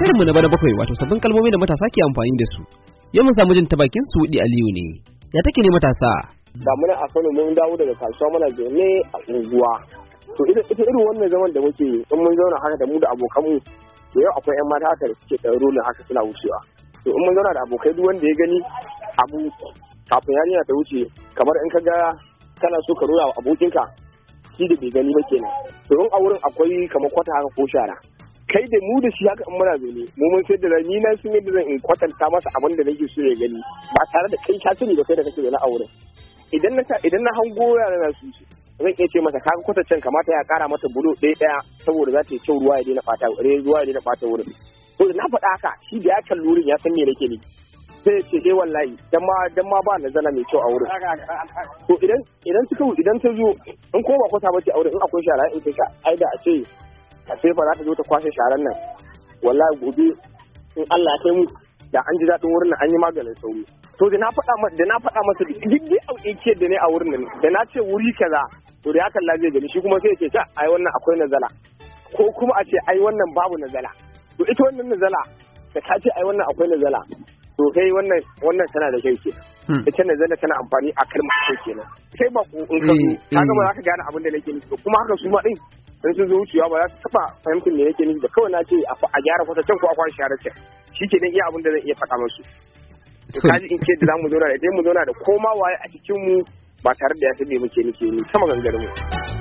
Shirinmu na bana bakwai wato sabbin kalmomi da matasa ke amfani da su. Yau mun samu jin ta bakin su Wudi Aliyu ne. Ya take ne matasa? Da muna a Kano mun dawo daga kasuwa muna ne a unguwa. To ita irin wannan zaman da muke in mun zauna haka da mu da abokanmu to yau akwai 'yan mata haka da suke ɗan rolin haka suna wucewa. To in mun zauna da abokai duk wanda ya gani abu kafin yarinya ta wuce kamar in ka ga kana so ka roya wa abokinka shi da bai gani ba kenan. To in a wurin akwai kamar kwata haka ko shara. kai da mu da shi haka in muna zaune mu mun sai da ni na sun da zan in kwatanta masa abin da nake so ya gani ba tare da kai ka sani da kai da kake zaune a wurin idan na idan na hango yara na su zan iya ce masa kaga kwatancen kamata ya kara mata bulo ɗaya ɗaya saboda za ta yi kyau ruwa ya daina ɓata eh, ruwa ya daina fata wurin to na faɗa haka shi da ya kalli wurin ya san me nake ni sai ya ce eh wallahi dan ma dan ma ba zana mai kyau a wurin to idan idan suka idan ta zo in ko ba kwata ba ce a wurin in akwai shara in ta ka aida a ce a sai ba za ta zo ta kwashe sharan nan wallahi gobe in Allah ya kai mu da an ji daɗin wurin nan an yi maganin sauri to da na faɗa masa da na faɗa masa duk dai aukiyar da ne a wurin nan da na ce wuri kaza to da ya kalla zai gani shi kuma sai ya ce ta ai wannan akwai nazala ko kuma a ce ai wannan babu nazala to ita wannan nazala da ta ce ai wannan akwai nazala to kai wannan wannan tana da kai ke hmm. ita nazala tana amfani a kalmar kai kenan Sai ba ko in ka zo eh, ka ga ba eh. za ka gane abin da nake nufi kuma haka su ma din in sun zo wucewa ba za su taba fahimtar me yake nufi ba kawai na ce a gyara kwata can ko a kwashe share can shi ke iya abin da zan iya faɗa musu kaji in ce da za mu zauna da mu zauna da koma waye a cikin mu ba tare da ya sabe muke nufi sama gangar mu.